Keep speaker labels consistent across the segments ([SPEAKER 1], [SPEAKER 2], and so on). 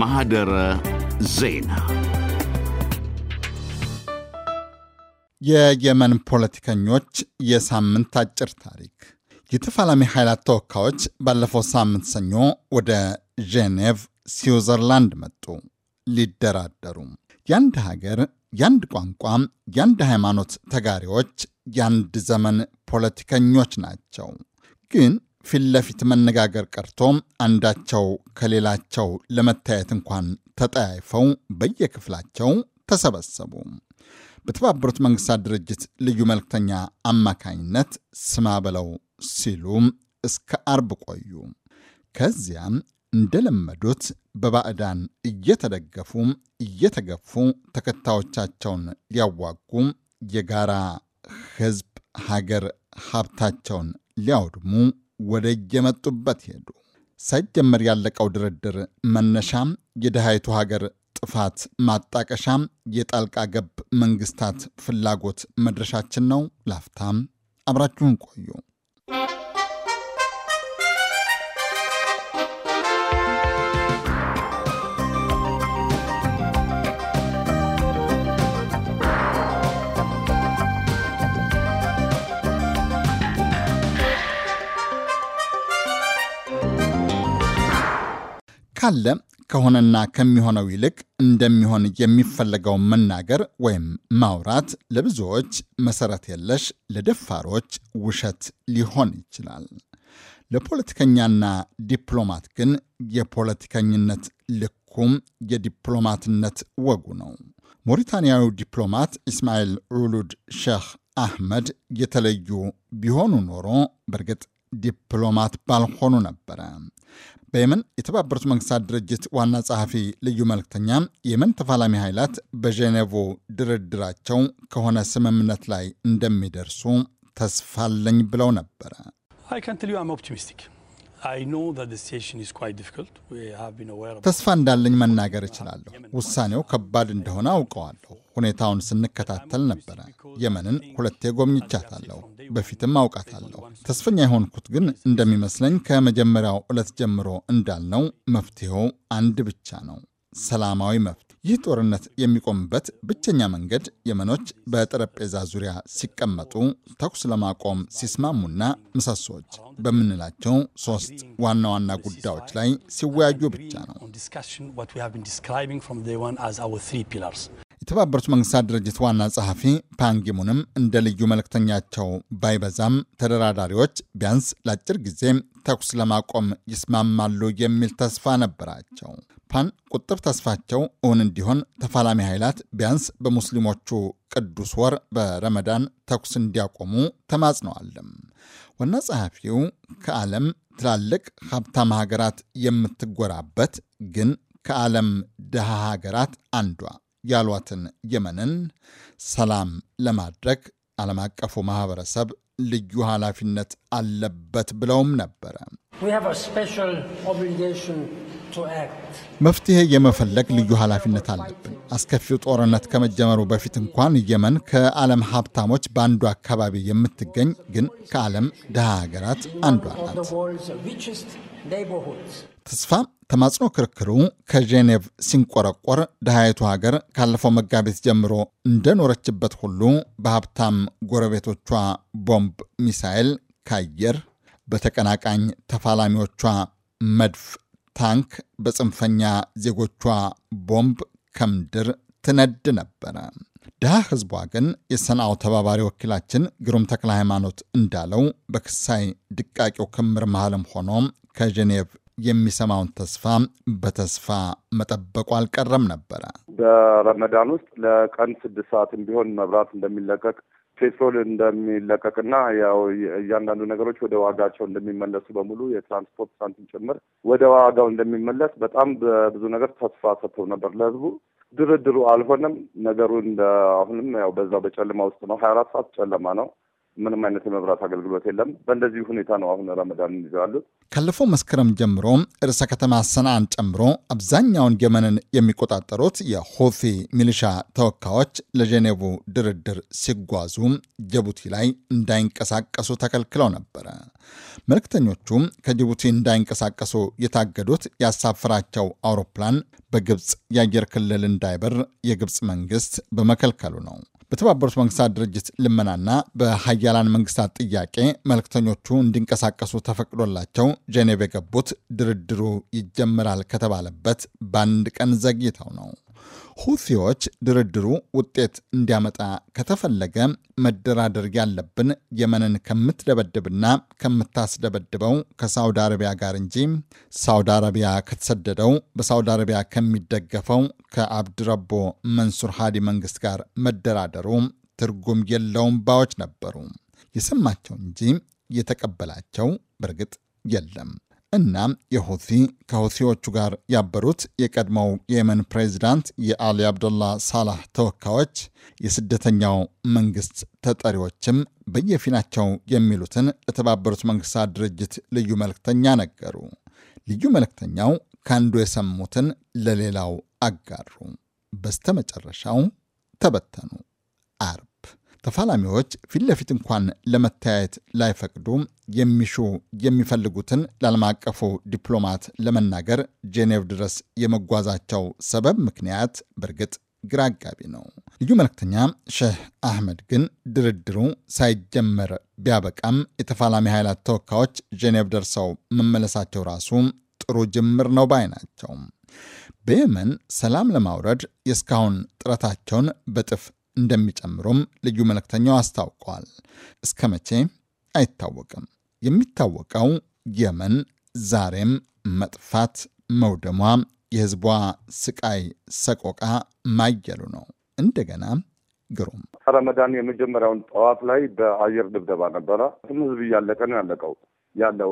[SPEAKER 1] ማህደረ ዜና የየመን ፖለቲከኞች የሳምንት አጭር ታሪክ። የተፋላሚ ኃይላት ተወካዮች ባለፈው ሳምንት ሰኞ ወደ ጄኔቭ ስዊዘርላንድ መጡ ሊደራደሩ። የአንድ ሀገር፣ የአንድ ቋንቋ፣ የአንድ ሃይማኖት ተጋሪዎች የአንድ ዘመን ፖለቲከኞች ናቸው። ግን ፊት ለፊት መነጋገር ቀርቶ አንዳቸው ከሌላቸው ለመታየት እንኳን ተጠያይፈው በየክፍላቸው ተሰበሰቡ። በተባበሩት መንግስታት ድርጅት ልዩ መልክተኛ አማካኝነት ስማ በለው ሲሉ እስከ አርብ ቆዩ። ከዚያም እንደለመዱት በባዕዳን እየተደገፉ እየተገፉ ተከታዮቻቸውን ሊያዋጉ የጋራ ህዝብ ሀገር ሀብታቸውን ሊያወድሙ ወደ የመጡበት ሄዱ። ሳይጀመር ያለቀው ድርድር መነሻም የድሃይቱ ሀገር ጥፋት ማጣቀሻም የጣልቃ ገብ መንግስታት ፍላጎት መድረሻችን ነው። ላፍታም አብራችሁን ቆዩ። ካለ ከሆነና ከሚሆነው ይልቅ እንደሚሆን የሚፈለገው መናገር ወይም ማውራት ለብዙዎች መሰረት የለሽ፣ ለደፋሮች ውሸት ሊሆን ይችላል። ለፖለቲከኛና ዲፕሎማት ግን የፖለቲከኝነት ልኩም የዲፕሎማትነት ወጉ ነው። ሞሪታንያዊ ዲፕሎማት ኢስማኤል ዑሉድ ሼህ አህመድ የተለዩ ቢሆኑ ኖሮ በእርግጥ ዲፕሎማት ባልሆኑ ነበረ። በየመን የተባበሩት መንግስታት ድርጅት ዋና ጸሐፊ ልዩ መልክተኛ የመን ተፋላሚ ኃይላት በጄኔቮ ድርድራቸው ከሆነ ስምምነት ላይ እንደሚደርሱ ተስፋ አለኝ ብለው ነበረ። ተስፋ እንዳለኝ መናገር እችላለሁ። ውሳኔው ከባድ እንደሆነ አውቀዋለሁ። ሁኔታውን ስንከታተል ነበረ። የመንን ሁለቴ ጎብኝቻታለሁ። በፊትም አውቃታለሁ። ተስፈኛ የሆንኩት ግን እንደሚመስለኝ ከመጀመሪያው ዕለት ጀምሮ እንዳልነው መፍትሄው አንድ ብቻ ነው፣ ሰላማዊ መፍትሄ። ይህ ጦርነት የሚቆምበት ብቸኛ መንገድ የመኖች በጠረጴዛ ዙሪያ ሲቀመጡ ተኩስ ለማቆም ሲስማሙና ምሰሶዎች በምንላቸው ሶስት ዋና ዋና ጉዳዮች ላይ ሲወያዩ ብቻ ነው። የተባበሩት መንግስታት ድርጅት ዋና ጸሐፊ ፓንጊሙንም እንደ ልዩ መልእክተኛቸው ባይበዛም ተደራዳሪዎች ቢያንስ ለአጭር ጊዜ ተኩስ ለማቆም ይስማማሉ የሚል ተስፋ ነበራቸው። ፓን ቁጥብ ተስፋቸው እውን እንዲሆን ተፋላሚ ኃይላት ቢያንስ በሙስሊሞቹ ቅዱስ ወር በረመዳን ተኩስ እንዲያቆሙ ተማጽነዋልም። ዋና ጸሐፊው ከዓለም ትላልቅ ሀብታም ሀገራት የምትጎራበት ግን ከዓለም ድሃ ሀገራት አንዷ ያሏትን የመንን ሰላም ለማድረግ ዓለም አቀፉ ማህበረሰብ ልዩ ኃላፊነት አለበት ብለውም ነበረ። መፍትሄ የመፈለግ ልዩ ኃላፊነት አለብን። አስከፊው ጦርነት ከመጀመሩ በፊት እንኳን የመን ከዓለም ሀብታሞች በአንዱ አካባቢ የምትገኝ ግን ከዓለም ድሃ ሀገራት አንዷ
[SPEAKER 2] ናት።
[SPEAKER 1] ተስፋ ተማጽኖ ክርክሩ ከጄኔቭ ሲንቆረቆር ድሃይቱ ሀገር ካለፈው መጋቢት ጀምሮ እንደኖረችበት ሁሉ በሀብታም ጎረቤቶቿ ቦምብ ሚሳኤል ከአየር በተቀናቃኝ ተፋላሚዎቿ መድፍ ታንክ በጽንፈኛ ዜጎቿ ቦምብ ከምድር ትነድ ነበረ። ድሃ ህዝቧ ግን የሰንአው ተባባሪ ወኪላችን ግሩም ተክለ ሃይማኖት እንዳለው በክሳይ ድቃቂው ክምር መሃልም ሆኖ ከጄኔቭ የሚሰማውን ተስፋ በተስፋ መጠበቁ አልቀረም ነበረ።
[SPEAKER 2] በረመዳን ውስጥ ለቀን ስድስት ሰዓትም ቢሆን መብራት እንደሚለቀቅ ፔትሮል እንደሚለቀቅና ያው እያንዳንዱ ነገሮች ወደ ዋጋቸው እንደሚመለሱ በሙሉ የትራንስፖርት ሳንቲም ጭምር ወደ ዋጋው እንደሚመለስ በጣም በብዙ ነገር ተስፋ ሰጥተው ነበር ለህዝቡ። ድርድሩ አልሆነም። ነገሩ አሁንም ያው በዛ በጨለማ ውስጥ ነው። ሀያ አራት ሰዓት ጨለማ ነው። ምንም አይነት የመብራት አገልግሎት የለም። በእንደዚህ ሁኔታ ነው አሁን ረመዳን ይዘው ያሉት።
[SPEAKER 1] ካለፈው መስከረም ጀምሮ ርዕሰ ከተማ ሰንዓን ጨምሮ አብዛኛውን የመንን የሚቆጣጠሩት የሆፌ ሚሊሻ ተወካዮች ለጄኔቭ ድርድር ሲጓዙ ጅቡቲ ላይ እንዳይንቀሳቀሱ ተከልክለው ነበረ። መልክተኞቹ ከጅቡቲ እንዳይንቀሳቀሱ የታገዱት ያሳፈራቸው አውሮፕላን በግብፅ የአየር ክልል እንዳይበር የግብፅ መንግስት በመከልከሉ ነው። በተባበሩት መንግስታት ድርጅት ልመናና በሀያላን መንግስታት ጥያቄ መልክተኞቹ እንዲንቀሳቀሱ ተፈቅዶላቸው ጄኔቭ የገቡት ድርድሩ ይጀምራል ከተባለበት በአንድ ቀን ዘግይተው ነው። ሁቲዎች ድርድሩ ውጤት እንዲያመጣ ከተፈለገ መደራደር ያለብን የመንን ከምትደበድብና ከምታስደበድበው ከሳውዲ አረቢያ ጋር እንጂ ሳውዲ አረቢያ ከተሰደደው በሳውዲ አረቢያ ከሚደገፈው ከአብድረቦ መንሱር ሃዲ መንግስት ጋር መደራደሩ ትርጉም የለውም ባዎች ነበሩ። የሰማቸው እንጂ የተቀበላቸው በእርግጥ የለም። እናም የሁቲ ከሁቲዎቹ ጋር ያበሩት የቀድሞው የየመን ፕሬዚዳንት የአሊ አብዶላ ሳላህ ተወካዮች የስደተኛው መንግስት ተጠሪዎችም በየፊናቸው የሚሉትን ለተባበሩት መንግስታት ድርጅት ልዩ መልእክተኛ ነገሩ። ልዩ መልእክተኛው ከአንዱ የሰሙትን ለሌላው አጋሩ። በስተመጨረሻው ተበተኑ። አርብ ተፋላሚዎች ፊት ለፊት እንኳን ለመታየት ላይፈቅዱ የሚሹ የሚፈልጉትን ለዓለም አቀፉ ዲፕሎማት ለመናገር ጄኔቭ ድረስ የመጓዛቸው ሰበብ ምክንያት በእርግጥ ግራ አጋቢ ነው። ልዩ መልክተኛ ሼህ አህመድ ግን ድርድሩ ሳይጀመር ቢያበቃም የተፋላሚ ኃይላት ተወካዮች ጄኔቭ ደርሰው መመለሳቸው ራሱ ጥሩ ጅምር ነው ባይ ናቸው። በየመን ሰላም ለማውረድ የእስካሁን ጥረታቸውን በጥፍ እንደሚጨምሩም ልዩ መልእክተኛው አስታውቋል። እስከ መቼ አይታወቅም። የሚታወቀው የመን ዛሬም መጥፋት፣ መውደሟ፣ የህዝቧ ስቃይ፣ ሰቆቃ ማየሉ ነው። እንደገና ግሩም
[SPEAKER 2] ረመዳን የመጀመሪያውን ጠዋት ላይ በአየር ድብደባ ነበረ። ህዝብ እያለቀ ነው ያለቀው። ያለው።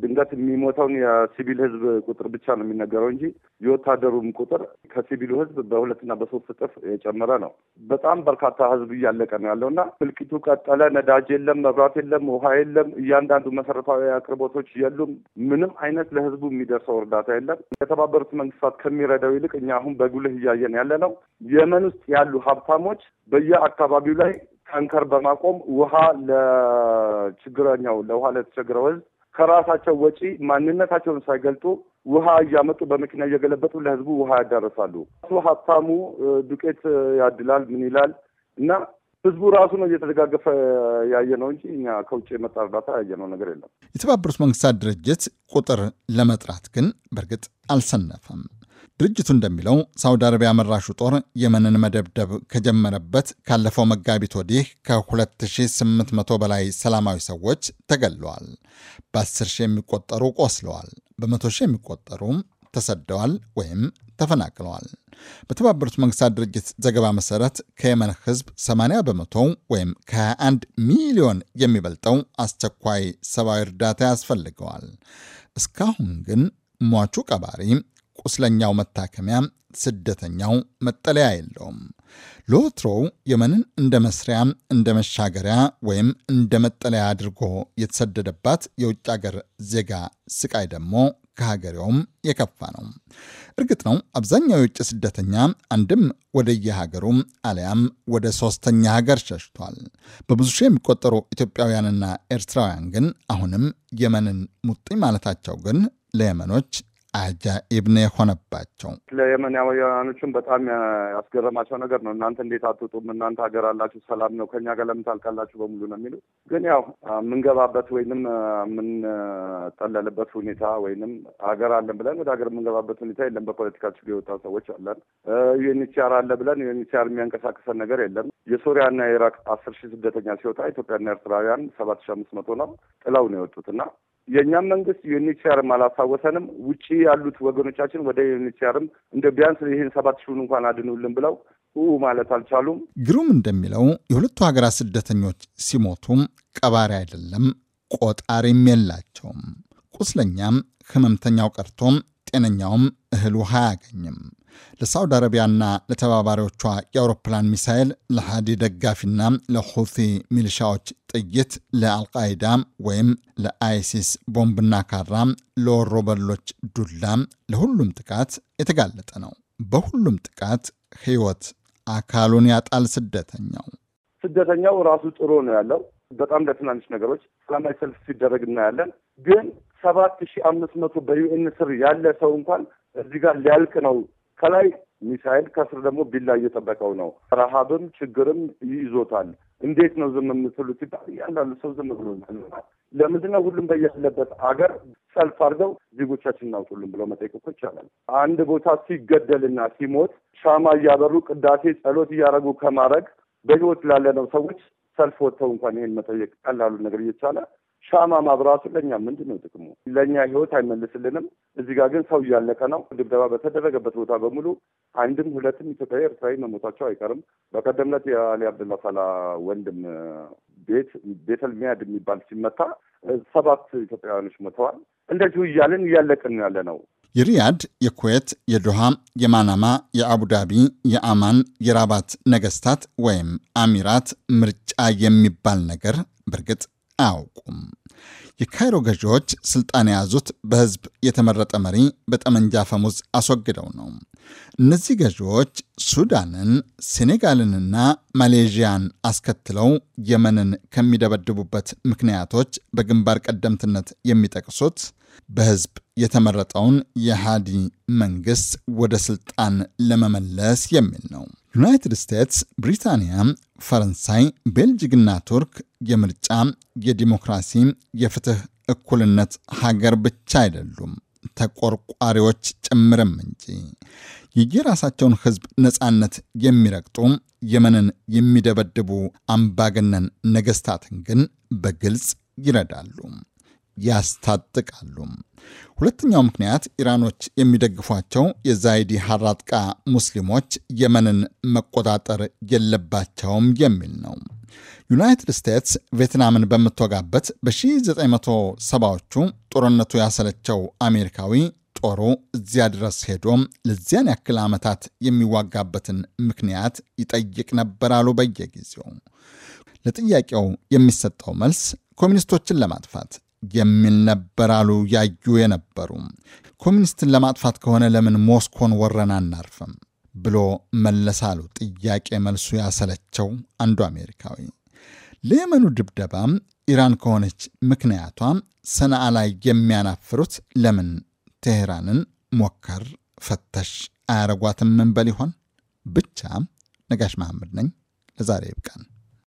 [SPEAKER 2] ድንገት የሚሞተውን የሲቪል ህዝብ ቁጥር ብቻ ነው የሚነገረው እንጂ የወታደሩም ቁጥር ከሲቪሉ ህዝብ በሁለትና በሶስት እጥፍ የጨመረ ነው። በጣም በርካታ ህዝብ እያለቀ ነው ያለው እና ምልክቱ ቀጠለ። ነዳጅ የለም፣ መብራት የለም፣ ውሃ የለም፣ እያንዳንዱ መሰረታዊ አቅርቦቶች የሉም። ምንም አይነት ለህዝቡ የሚደርሰው እርዳታ የለም። የተባበሩት መንግስታት ከሚረዳው ይልቅ እኛ አሁን በጉልህ እያየን ያለ ነው። የመን ውስጥ ያሉ ሀብታሞች በየአካባቢው ላይ ታንከር በማቆም ውሃ ለችግረኛው ለውሃ ለተቸግረው ህዝብ ከራሳቸው ወጪ ማንነታቸውን ሳይገልጡ ውሃ እያመጡ በመኪና እየገለበጡ ለህዝቡ ውሃ ያዳረሳሉ። እሱ ሀብታሙ ዱቄት ያድላል ምን ይላል እና ህዝቡ ራሱ ነው እየተደጋገፈ ያየ ነው እንጂ እኛ ከውጭ የመጣ እርዳታ ያየ ነው ነገር የለም።
[SPEAKER 1] የተባበሩት መንግስታት ድርጅት ቁጥር ለመጥራት ግን በእርግጥ አልሰነፈም። ድርጅቱ እንደሚለው ሳውዲ አረቢያ መራሹ ጦር የመንን መደብደብ ከጀመረበት ካለፈው መጋቢት ወዲህ ከ2800 በላይ ሰላማዊ ሰዎች ተገለዋል በ በ10 ሺህ የሚቆጠሩ ቆስለዋል። በመቶ ሺህ የሚቆጠሩ ተሰደዋል ወይም ተፈናቅለዋል። በተባበሩት መንግስታት ድርጅት ዘገባ መሰረት ከየመን ህዝብ 80 በመቶ ወይም ከ21 ሚሊዮን የሚበልጠው አስቸኳይ ሰብአዊ እርዳታ ያስፈልገዋል። እስካሁን ግን ሟቹ ቀባሪ ቁስለኛው መታከሚያ፣ ስደተኛው መጠለያ የለውም። ለወትሮው የመንን እንደ መስሪያ፣ እንደ መሻገሪያ ወይም እንደ መጠለያ አድርጎ የተሰደደባት የውጭ አገር ዜጋ ስቃይ ደግሞ ከሀገሬውም የከፋ ነው። እርግጥ ነው አብዛኛው የውጭ ስደተኛ አንድም ወደየሀገሩ አሊያም ወደ ሶስተኛ ሀገር ሸሽቷል። በብዙ ሺህ የሚቆጠሩ ኢትዮጵያውያንና ኤርትራውያን ግን አሁንም የመንን ሙጥኝ ማለታቸው ግን ለየመኖች አጃኢብ ሆነባቸው የሆነባቸው።
[SPEAKER 2] ለየመናውያኖችን በጣም ያስገረማቸው ነገር ነው። እናንተ እንዴት አትወጡም? እናንተ ሀገር አላችሁ፣ ሰላም ነው፣ ከኛ ጋር ለምን ታልቃላችሁ? በሙሉ ነው የሚሉት። ግን ያው የምንገባበት ወይንም የምንጠለልበት ሁኔታ ወይንም ሀገር አለን ብለን ወደ ሀገር የምንገባበት ሁኔታ የለም። በፖለቲካ ችግር የወጣ ሰዎች አለን። ዩኤንኤችሲአር አለ ብለን ዩኤንኤችሲአር የሚያንቀሳቀሰን ነገር የለም። የሶሪያና የኢራቅ አስር ሺህ ስደተኛ ሲወጣ ኢትዮጵያና ኤርትራውያን ሰባት ሺህ አምስት መቶ ነው ጥለው ነው የወጡት እና የእኛም መንግስት ዩኤንኤችሲአርም አላሳወሰንም ውጪ ያሉት ወገኖቻችን ወደ ዩኤንኤችሲአርም እንደ ቢያንስ ይህን ሰባት ሺውን እንኳን አድኑልን ብለው ማለት አልቻሉም።
[SPEAKER 1] ግሩም እንደሚለው የሁለቱ ሀገራት ስደተኞች ሲሞቱም ቀባሪ አይደለም ቆጣሪም የላቸውም። ቁስለኛም ህመምተኛው ቀርቶም ጤነኛውም እህል ውሃ አያገኝም። ለሳውዲ አረቢያና ለተባባሪዎቿ የአውሮፕላን ሚሳይል፣ ለሃዲ ደጋፊና ለሁቲ ሚሊሻዎች ጥይት፣ ለአልቃይዳ ወይም ለአይሲስ ቦምብና ካራ፣ ለወሮበሎች ዱላ፣ ለሁሉም ጥቃት የተጋለጠ ነው። በሁሉም ጥቃት ህይወት አካሉን ያጣል ስደተኛው።
[SPEAKER 2] ስደተኛው ራሱ ጥሩ ነው ያለው። በጣም ለትናንሽ ነገሮች ሰላማዊ ሰልፍ ሲደረግ እናያለን። ግን ሰባት ሺህ አምስት መቶ በዩኤን ስር ያለ ሰው እንኳን እዚህ ጋር ሊያልቅ ነው ከላይ ሚሳኤል ከስር ደግሞ ቢላ እየጠበቀው ነው። ረሃብም ችግርም ይዞታል። እንዴት ነው ዝም የምትሉት? እያንዳንዱ ሰው ዝም ብሎ ለምንድን ነው ሁሉም በያለበት አገር ሰልፍ አድርገው ዜጎቻችን እናውጡልን ብሎ መጠየቅ እኮ ይቻላል። አንድ ቦታ ሲገደልና ሲሞት ሻማ እያበሩ ቅዳሴ ጸሎት እያደረጉ ከማድረግ በህይወት ላለነው ሰዎች ሰልፍ ወጥተው እንኳን ይሄን መጠየቅ ቀላሉ ነገር እየቻለ ሻማ ማብራቱ ለእኛ ምንድን ነው ጥቅሙ? ለእኛ ህይወት አይመልስልንም። እዚህ ጋር ግን ሰው እያለቀ ነው። ድብደባ በተደረገበት ቦታ በሙሉ አንድም ሁለትም ኢትዮጵያዊ፣ ኤርትራዊ መሞታቸው አይቀርም። በቀደም ዕለት የአሊ አብደላ ሳላ ወንድም ቤት ቤተል የሚባል ሲመታ ሰባት ኢትዮጵያውያኖች ሞተዋል። እንደዚሁ እያልን እያለቅን ያለ ነው።
[SPEAKER 1] የሪያድ፣ የኩዌት፣ የዶሃ፣ የማናማ፣ የአቡዳቢ፣ የአማን፣ የራባት ነገስታት ወይም አሚራት ምርጫ የሚባል ነገር በእርግጥ አያውቁም። የካይሮ ገዢዎች ስልጣን የያዙት በህዝብ የተመረጠ መሪ በጠመንጃ ፈሙዝ አስወግደው ነው። እነዚህ ገዢዎች ሱዳንን፣ ሴኔጋልንና ማሌዥያን አስከትለው የመንን ከሚደበድቡበት ምክንያቶች በግንባር ቀደምትነት የሚጠቅሱት በህዝብ የተመረጠውን የሃዲ መንግስት ወደ ስልጣን ለመመለስ የሚል ነው። ዩናይትድ ስቴትስ፣ ብሪታንያ፣ ፈረንሳይ፣ ቤልጅግና ቱርክ የምርጫ የዲሞክራሲ፣ የፍትህ እኩልነት ሀገር ብቻ አይደሉም ተቆርቋሪዎች ጭምርም እንጂ የየራሳቸውን ህዝብ ነፃነት የሚረግጡ የመንን የሚደበድቡ አምባገነን ነገስታትን ግን በግልጽ ይረዳሉ። ያስታጥቃሉ። ሁለተኛው ምክንያት ኢራኖች የሚደግፏቸው የዛይዲ ሐራጥቃ ሙስሊሞች የመንን መቆጣጠር የለባቸውም የሚል ነው። ዩናይትድ ስቴትስ ቬትናምን በምትወጋበት በ1970ዎቹ ጦርነቱ ያሰለቸው አሜሪካዊ ጦሩ እዚያ ድረስ ሄዶም ለዚያን ያክል ዓመታት የሚዋጋበትን ምክንያት ይጠይቅ ነበር አሉ በየጊዜው። ለጥያቄው የሚሰጠው መልስ ኮሚኒስቶችን ለማጥፋት የሚል ነበር አሉ ያዩ የነበሩ። ኮሚኒስትን ለማጥፋት ከሆነ ለምን ሞስኮን ወረን አናርፍም ብሎ መለስ አሉ ጥያቄ መልሱ ያሰለቸው አንዱ አሜሪካዊ። ለየመኑ ድብደባ ኢራን ከሆነች ምክንያቷ ሰነአ ላይ የሚያናፍሩት ለምን ቴሄራንን ሞከር ፈተሽ አያረጓትም በል ይሆን? ብቻ ነጋሽ መሐመድ ነኝ። ለዛሬ ይብቃን።